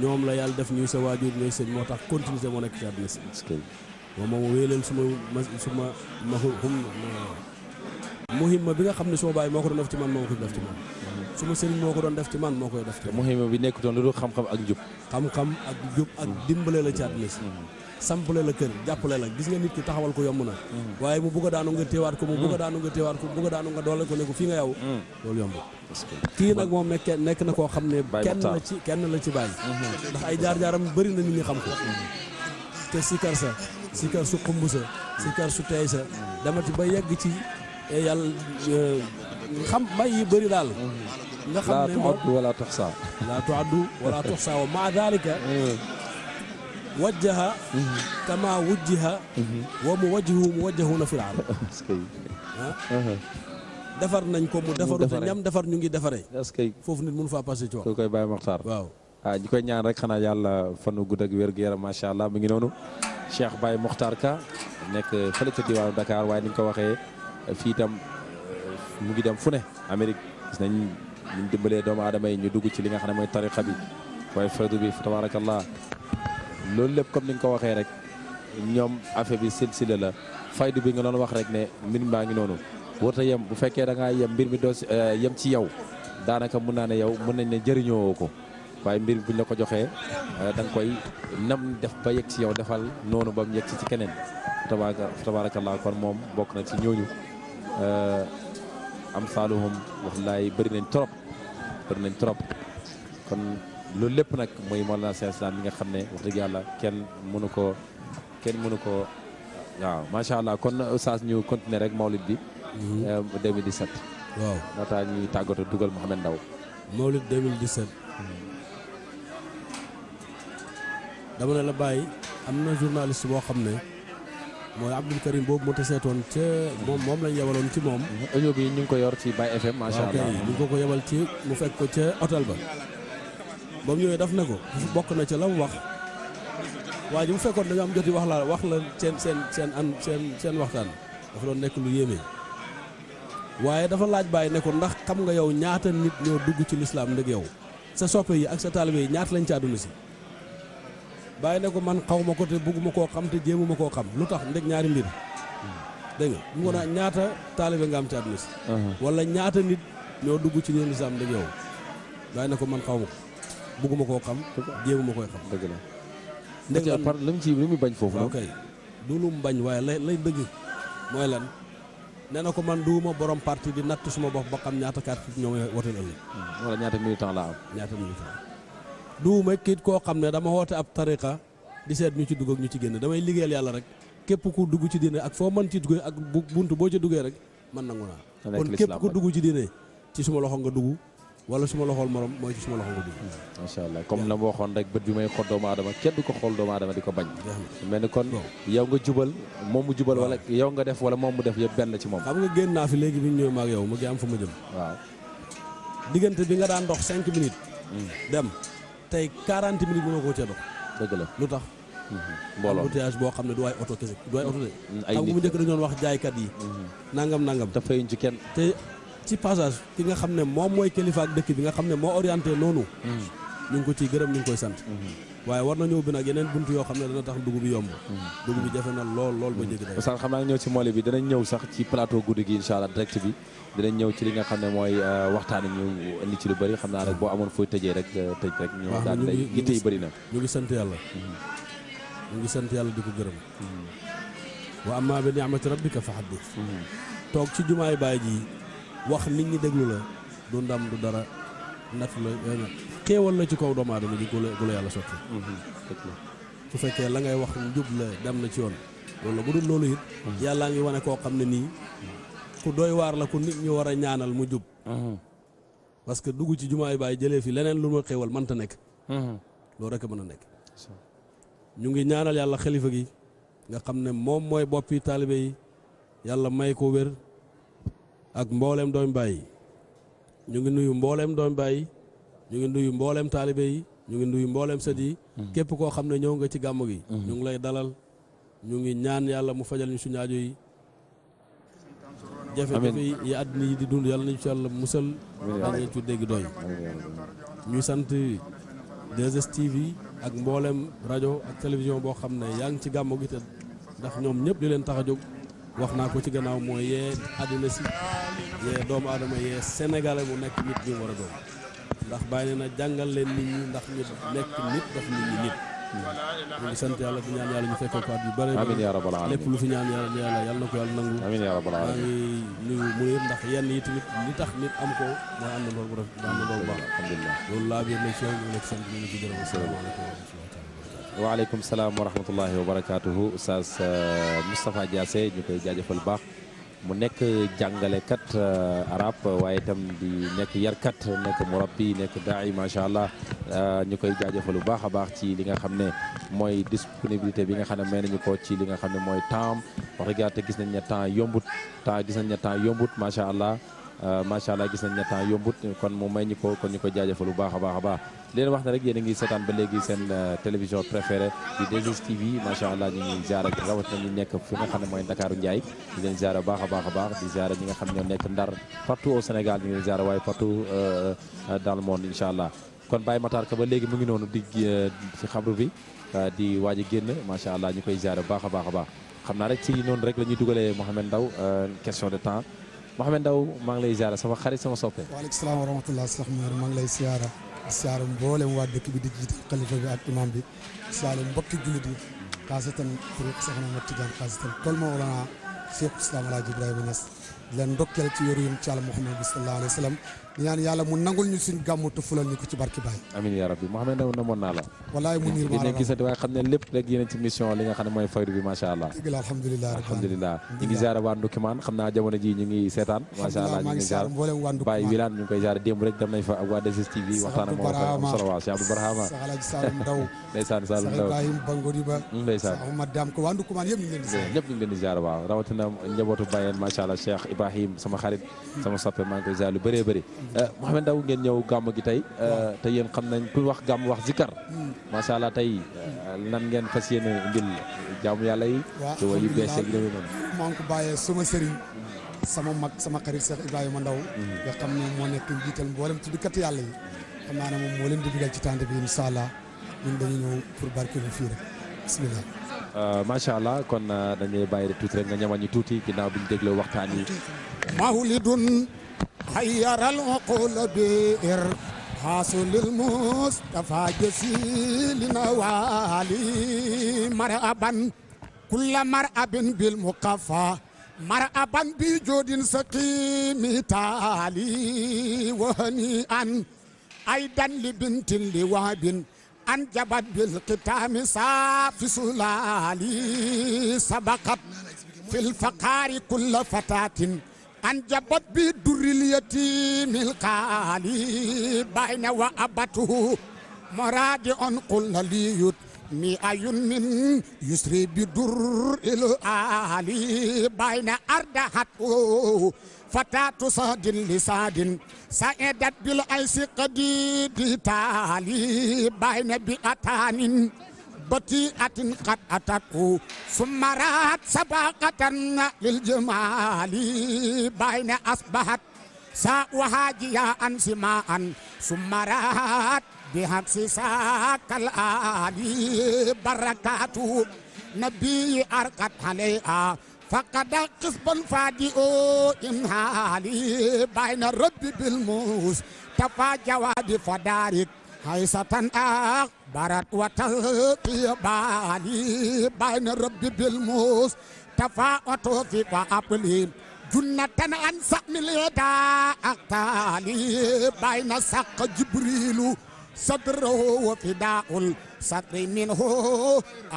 ñoom la yàlla def ñuy sa waajur ñooy sëñ moo tax continuité moo nekk ci àdduna si moom moom wéeleel suma ma suma ma hum muhimma bi nga xam ne suma baay moo ko doon def ci man moo ko def ci man suma sëriñ moo ko doon def ci man moo koy def ci man muhimma bi nekkutoon lu dul xam-xam ak njub xam-xam ak njub ak dimbale la ci àdduna si mm-hmm. sampale la kër jàppale la gis nga nit ki taxawal ko yomb na mm-hmm. waaye mu bugg a daanu nga téewaat mm-hmm. ko mu bugg a daanu nga téewaat ko mu bugg a daanu nga doole ko ne ko fii nga yow mm-hmm. loolu yomb kii nag moom nekk na koo xam ne kenn la ci kenn la ci bàyyi ndax ay jaar-jaaram bëri na nit ñi xam ko te sikar sa sikar su xumb sa sikar su teey sa dama ci ba yegg ci e, yàlla e, xam may yi bëri daal nga xam ne laa tuaddu wala laa tuaddu wala maa dalika wajjaha kama wujjiha wa mu wajjihu mu wajjahuuna fil arab ah. uh-huh. defar nañ ko mu defaru te ñam defar ñu ngi defaree foofu nit mënu faa passé ci wax koy Baye Makhtar waaw ah ñu koy ñaan rek xanaa yàlla fanu gudd ak wér gu yaram macha allah mu ngi noonu Cheikh Baye Makhtar Ka nekk fële ca diwaanu Dakar waaye ni ñu ko waxee fii itam uh, mu ngi dem fu ne Amérique gis nañ ñu dimbalee doomu aadama yi ñu dugg ci li nga xam ne mooy tariqa bi waaye faydu bi tabarakallah loolu lépp comme ni nga ko waxee rek ñoom affaire bi silsila la faydu bi nga doon wax rek ne mbir maa ngi noonu warta yem bu fekkee da ngaa yem mbir mi doo euh, yem ci yow daanaka mun naa ne yow mën nañ ne jëriñoo ko waaye mbir bi buñ la ko joxee euh, da nga koy nam def ba yegg si yow defal noonu ba mu yegg si ci keneen tabaarakallaa kon moom bokk na ci ñooñu euh, am saaluhum wax laay bëri nañ trop bëri nañ trop loolu lépp nag mooy Mawlana Cheikh Islam bi nga xam ne wax dëgg yàlla kenn mënu ko kenn mënu ko waaw macha allah kon oustaz ñu continuer rek mawlid bi. 2017. Mhm. Euh, waaw laataa ñuy tàggatoo dugal Mouhamed Ndao. mawlid 2017. dama ne la bàyyi am na journaliste boo xam ne mooy Abdoul Karim boobu moo seetoon ca moom moom lañ yebaloon ci moom. audio bi ñu ngi ko yor ci Baye FM. macha allah ñu ngi ko ko yebal ci mu fekk ko ca hôtel ba. ba mu ñëwee daf ne ko bokk na ca lam mu wax waaye ji mu fekkoon dañu am joti wax la wax la seen seen seen an seen seen waxtaan dafa doon nekk lu yéeme waaye dafa laaj bàyyi ne ko ndax xam nga yow ñaata nit ñoo dugg ci lislaam ndëg yow sa soppe yi ak sa taalibe yi ñaata lañ ci àdduna si bàyyi ne ko man xawuma ma ko te bugguma koo xam te jéemuma koo xam lu tax ndeg ñaari mbir dégg nga mu ñaata taalibe nga am ci àdduna si wala ñaata nit ñoo dugg ci lislaam ndëg yow bàyyi ne ko man xaw bugguma koo xam. jéemuma koy xam. dëgg la ndeg la par lu mu ci lu mu bañ foofu. ok du lu mu bañ waaye lay lay dëgg mooy lan nee na ko man duuma borom parti di natt suma bopp ba xam ñaata carte ñoom wote ëllëg. Hmm, wala ñaata militant laa am. ñaata militant duuma kiit koo xam ne dama woote ab tariqa di seet ñu ci dugg ñu ci génn damay liggéeyal yàlla rek képp ku dugg ci diine ak foo man ci duggee ak bunt boo ci duggee rek man nangu naa. kon képp ku dugg ci diine ci suma loxo nga dugg. wala suma ma la xool morom mooy ci su ma la xool ma macha allah comme la ma waxoon rek bët bi may xool doomu aadama kenn du ko xool doomu aadama nga jubal moom mu jubal wala yow nga def wala moom mu def yëpp benn ci moom xam nga génn naa fi léegi bi ñu ñëw maag yow mu ngi am fu ma jëm diggante bi nga daan dox cinq minutes hmm. dem tey quarante minutes mënoo koo cee dox dëgg la lu tax hmm. mbooloo embouteillage boo xam ne du waay oto kese du waay oto de hmm. xam nga mu njëkk dañu doon wax jaaykat yi nangam nangam te fayuñ ci kenn te ci passage ki nga xam ne moom mooy kilifa ak dëkk bi nga xam ne moo orienté noonu ñu ngi ko ciy gërëm ñu ngi koy sant waaye war na ñëw bi nag yeneen bunt yoo xam ne dana tax dugub bi yomb dugub bi jafe na lool lool ba jéggi daal ñëw ci moole bi danañ ñëw sax ci plateau guddi gi incha allah direct bi dinañ ñëw ci li nga xam ne mooy euh, waxtaan ñu indi ci lu bari xam naa rek boo amoon fooy tëjee rek euh, tëj rek ñu daan day yitte yi bëri na ñu ngi sant yàlla mhm. ñu ngi sant yàlla di ko gërëm mhm. wa amma bi ni'mati rabbika fa haddith mhm. toog ci jumaay baay ji wax nit ñi déglu la du ndam du dara natt la xéewal la ci kaw doomu aadama ji gu la yàlla sotti mhm. su fekkee la ngay wax njub la dem na ci yoon loolu la bu dul loolu it mhm. yàllaa ngi wane koo xam ne nii ku doy waar la ku nit ñi war a ñaanal mu jub mhm. parce que dugg ci jumaay baay jëlee fi leneen lu ma xéewal mënta nekk loolu rek mën a nekk ñu ngi ñaanal yàlla xalifa gi nga xam ne moom mooy boppi taalibe yi yàlla may ko wér ak mbooleem doomi bàyyi ñu ngi nuyu mbooleem doomi bàyyi ñu ngi nuyu mbooleem taalibe yi ñu ngi nuyu mbooleem sët yi mm-hmm. képp koo xam ne ñëw nga ci gàmm gi mm-hmm. ñu ngi lay dalal ñu ngi ñaan yàlla mu fajal ñu suñu aajo yi jafe-jafe yi àddina yi di dund yàlla nañu ci yàlla musal dañu ci dégg doy ñuy sant 2STV ak mbooleem rajo ak télévision boo xam ne yaa ngi ci gàmm gi te ndax ñoom ñëpp di leen tax a jóg wax naa ko ci gannaaw mooy yee àddina si yee doomu aadama yee sénégalais bu nekk nit ñu war a doon ndax bàyyi na jàngal leen nit ñi ndax ñu nekk nit daf nit ñi nit ñu ngi sant yàlla di ñaan yàlla ñu fekkee ko at yu bëri amiin ko yàlla nangu amiin mu yëpp ndax yenn yi tamit li tax nit am ko mooy am na loolu bu loolu laa biir na ci yow ñu nekk sant ñu ngi ci gërëm asalaamaaleykum waaleykum salaam wa rahmatullahi sa barakaatuhu Oustaz euh, Moustapha Diassé ñu koy jaajëfal baax mu nekk jàngalekat euh, arab waaye itam di nekk yarkat nekk murabbi nekk daay macha allah euh, ñu koy jaajëfal lu baax a baax ci li nga xam ne mooy disponibilité bi nga xam ne may nañu ko ci li nga xam ne mooy temps wax dëgg gis nañ ne temps yombut temps gis nañ ne temps yombut macha allah. Euh, macha allah gis nañ ne temps yombut kon mu may ñu ko kon ñu ko jaajëfal bu baax a baax a baax leen wax na rek yéen a ngi seetaan ba léegi seen euh, télévision préférée di 2STV macha allah ñu ngi ziar ak nekk fi nga xam ne mooy Ndakaaru Ndiaye di leen baax a baax baax di ziar ñi nga xam ñoo nekk Ndar partout au Sénégal ñu ngi leen ziar waaye partout euh, dans le monde allah kon baay Matar Ka ba léegi mu ngi noonu di ci xabru bi di waaj génn macha allah ñu koy ziar baax a baax a xam naa rek ci noonu rek la ñuy dugalee Mouhamed ndaw question de temps Mouhamed Ndao maa ngi lay ziara sama xarit sama soppe waaleykum salaam wa rahmatullah Cheikh Mouhamed maa ngi lay ziara ziara mboolem waa dëkk bi di jiite xalifa bi ak imam bi ziara mbokki jullit yi xaasatan pour Soxna Mat Tijaan xaasatan kol Mawlana Cheikh Islam Alaaji Ibrahima Niass di leen ndokkeel ci yoru yum ci Yàlla Mouhamed bi sallallahu alayhi wa sallam ñaan yàlla mu nangul ñu suñ gàmmu te fulal ñu ko ci barki baay amiin yaa rabbi Mouhamed na namoon naa la walaay mu niir maa la gisati waaye xam ne lépp rek nga xam waa Ndukimaan xam naa jamono ji ñu ngi seetaan macha allah waa Ndukimaan Baye Wilane ñu waa 2STV waxtaan ak moom solo waaw Cheikh Abdou Barhama mm, Cheikh Alhaji Saloum Ibrahim sama xarit sama soppe maa ngi koy ziar lu bëree Euh, Mouhamed Ndao ngeen ñëw gàmm gi tey euh, te yéen xam nañ ku wax gàmm wax zikar hmm. macha allah tey hmm. euh, nan ngeen fas yéene ngir jaamu yàlla yi ci wayu bees yi demee noonu maa ngi ko bàyyee suma sëriñ sama mag sama xarit Cheikh Ibrahima Ndao hmm. nga xam ne moo nekk njiital mboolem tuddikat yàlla yi xam naa moom moo leen di dugal ci tànt bi incha allah ñun dañu ñëw pour barkeelu fii rek bismillah macha allah kon dañuy bàyyi rek tuuti rek nga ñamal ñu tuuti ginnaaw bi ñu dégloo waxtaan yi حير العقول بإرحاص للمصطفى جسيل نوالي مرحبا كل مرحب بالمقفى مرحبا بجود سقيم تالي وهنيئا أيضا لبنت لوهب أنجبت بالقتام صافي سلالي سبقت في الفقار كل فتاة an jabat bi durril yatimil kaali bayna wa abatuhu moradi on qulna liyut mi ayun min yusri bi durril aali bayna arda hatu fatatu sadin lisadin saedat bil aysi qadidi taali bayna bi atanin بطيئة قد أتت ثم رات سباقة للجمال بين أصبحت ساقها جياء سماء ثم رات بهمس ساق الآلي بركات نبي أرقت عليها فقد قصب فادئ إنهالي بين الرب بالموس تفا جواد فدارك حيث تنأق barat watalkibani bayna rabbi bil mus tafa oto fi fa apli junnatan an sakmileda aktali bayna sakka jibrilu sadrowo fi daul sadri minhu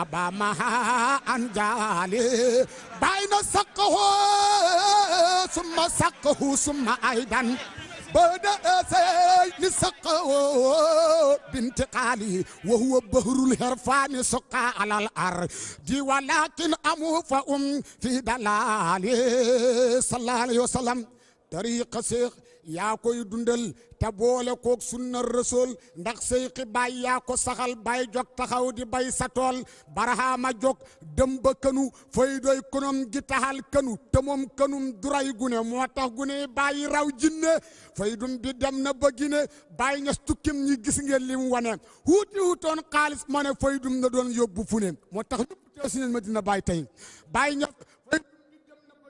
abamaha anjali bayna sakkahu summa sakkahu summa aidan بدأ سيل سقو بانتقالي وهو بهر الهرفان سقى على الأرض ولكن أمو فأم في دلالي صلى الله عليه وسلم طريق شيخ yaa koy dundal te boole kook sunna rësool ndax sëy xi baay yaa ko saxal bay jog taxaw di bay sa tool barahaama jog dëm ba kënu fay doy konom gi taxal kënu te moom kënum duray gune moo tax gune bàyyi raw jinne fay dum bi dem na ba gine bàyyi ñas tukkim ñi gis ngeen lim wane huuti huutoon xaalis ma ne fay dum na doon yóbbu fu ne moo tax ñëpp teew si ne ma dina bàyyi tey bàyyi ñas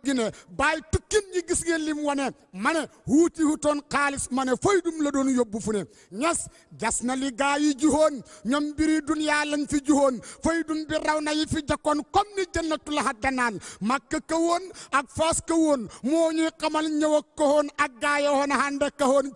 gi ne bàyyi tukkin ñi gis ngeen li mu wane ma ne huuti hutoon xaalis ma ne foy la doon yóbbu fu ne ñas jas na li gaa yi jihoon ñoom mbiri dunyaa lañ fi jihoon foy dum bi na yi fi jakkoon comme ni jannatul haddanaan makka ka woon ak faas ka woon moo ñuy xamal ñëw ak kahoon ak gaa yohoon hande kahoon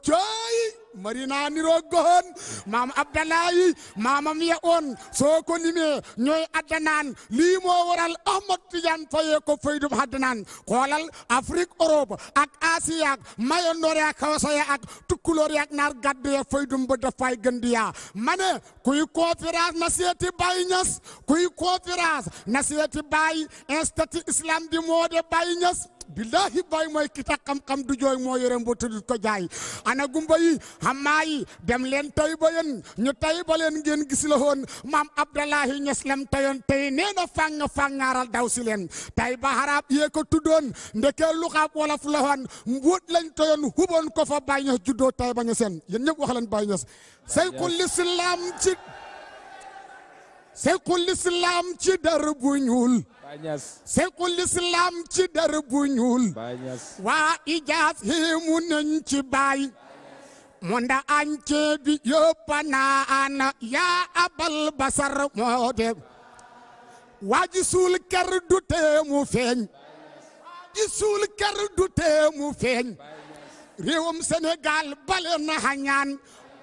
marina niroggo hon mama abdalayi mamam wiya on so ko lime ñoy addanan limo woral ahmad tidiane faye ko feydum haddanan kolal afrique europe ak asiya mayonore ak hawsaya ak tukkulore ak nar gadde feydum bodda fay gandiya mane kuy conférence nasiyati baye ñas kuy conférence nasiyati baye institut islam di mode baye ñas billahi baay mooy ki tax xam du jooy moo yore mbotudut ko jaay ana gumba yi xammaa dem leen tay ba yen ñu tay ba leen ngeen gis la woon maam abdalahi ñes lam tayoon tey nee na fànga fàngaaral daw si leen tay ba xaraab yee ko tuddoon ndekee lu xaab wolof la woon mbuut lañ tayoon huboon ko fa baay ñes juddoo tay ba ñeseen yéen ñëpp wax leen baay ñes say ku lislaam ci say ku lislaam ci dar bu ñuul sekul islam ci der bu ñuul waa ijaas hiimu nañ ci baay mu nda añ ceebi yëpp naan yaa abal basar moo de waaji suul ker du tee feeñ waaji suul bale na xañaan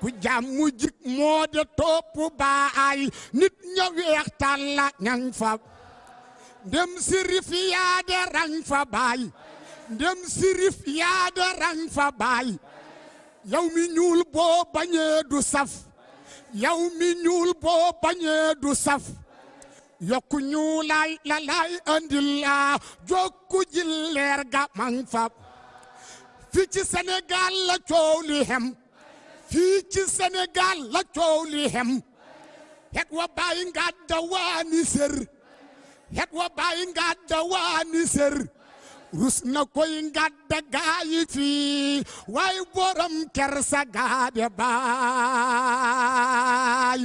ku jàmmu jik moo de topp baay nit ña weex tàlla ñaŋ fa ndem sirif yaa de rang fa baay ndem sirif yaa de baay yow mi ñuul boo bañee du saf yow mi boo bañee du saf yokku ñuulal la lay andil laa jokku ji leer ga mang fa fii la coow li xem fii ci la coow li xem hek wa bàyyi nga dawaani sër het wa bàyyi ngadda waani sér rus na koy ngadda gaayi fii waay borom kersa gaade baay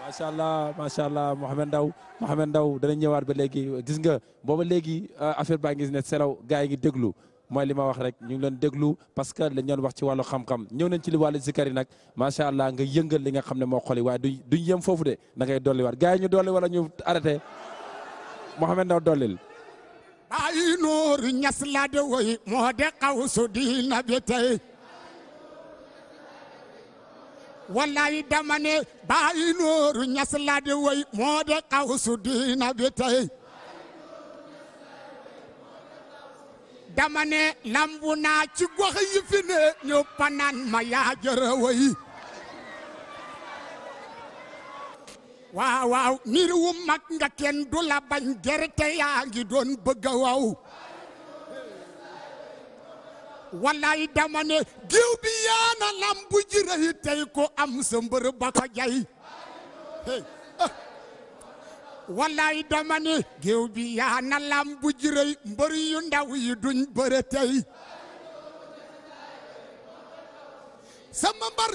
macha allah macha allah Mouhamed Ndao Mouhamed Ndao dana ñëwaat ba léegi gis nga booba léegi euh, affaire baa ngi ne selaw gaa yi ngi déglu mooy li ma wax rek ñu ngi doon déglu parce que lañ wax ci wàllu xam-xam ñëw nañ ci li wàllu zikar yi nag macha allah nga yëngal li nga xam ne moo xoli waaye duñ duñ yem foofu de da ngay dolliwaat gars yi ñu dolli wala ñu arrêté Mouhamed Ndaw dollil bàyyi nuuru ñas la woy moo de xaw su diina bi tey wallahi dama ne bàyyi nuuru ñas la de woy moo dama ne lambu naa ci gox yi ne ñu panaan ma yaa jërëwëy waaw waaw miir nga kenn du la gerte yaa ngi doon bëgg waw wallaay dama ne géew bi yaana lambu ji tey ko am sa ba ko jay ah. wallaay dama ni géew bi yaa na lam bu yu ndaw yi duñ bëre tey sama mbar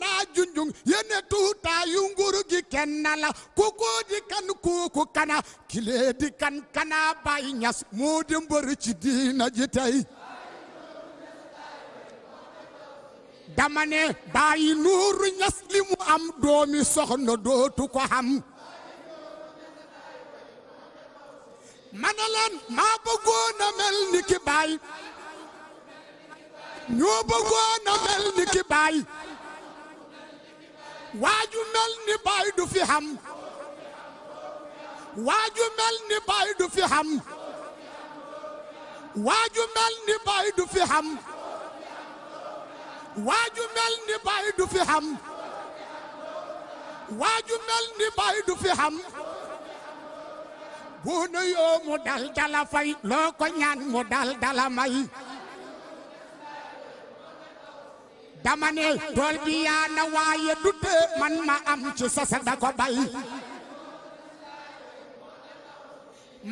naa junjung yéene tuutaayu nguuru gi kenn la kuku kan kuku kana kilee kan kana bay ñas moo mbër ci diina ji tey dama ne nuuru ñas li am doomi soxna dootu ko xam ma ne leen maa bëggoon mel ni ki baay ñoo mel ni ki waaju mel ni du fi xam waaju mel ni du fi xam waaju mel ni du fi xam waaju mel ni du fi xam waaju mel ni du fi xam ku nuyoo mu dal fay loo ko ñaan mu dal may dama ne tool bi yaa na man ma am ci sasa ko bay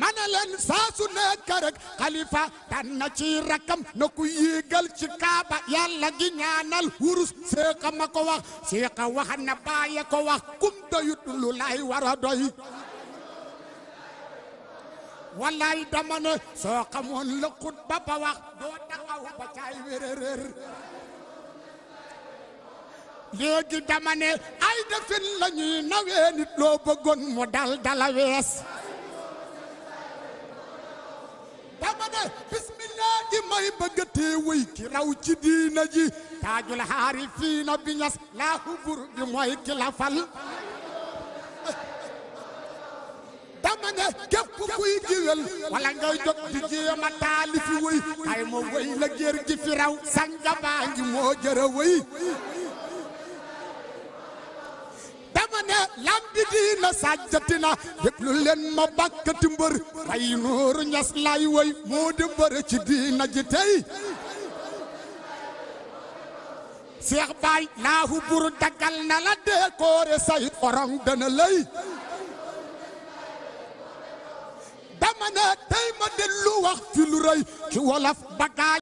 mana leen saa su nekk rek xalifa rakam na ku yéegal ci kaaba yàlla gi ñaanal wurus seexa ma ko wax seexa wax na ko wax kum doyut lu lay war a doy wallaay dama ne soo xamoon la xut ba ba wax doo taxaw ba wérérér léegi dama ay defin la ñuy nawee nit loo bëggoon dal dala wees dama ne bismillah di may wëy ki raw ci diina ji taajul xaari fii na laahu bur bi mooy ki la dama ne képp kuy jiwel wala ngay jot di jéem a taalif wëy kay ma wëy la fi raw sanga ngi moo jërë wëy dama ne lambi diina sàjjatina déglu leen ma bàkkati mbër fay nooru ñas lay wëy moo di mbër ci diina ji tey seex baay laahu buru daggal na la dékoore sayit orong dana lay dama ne tey ma dellu wax ci lu rëy ci wolof bagaa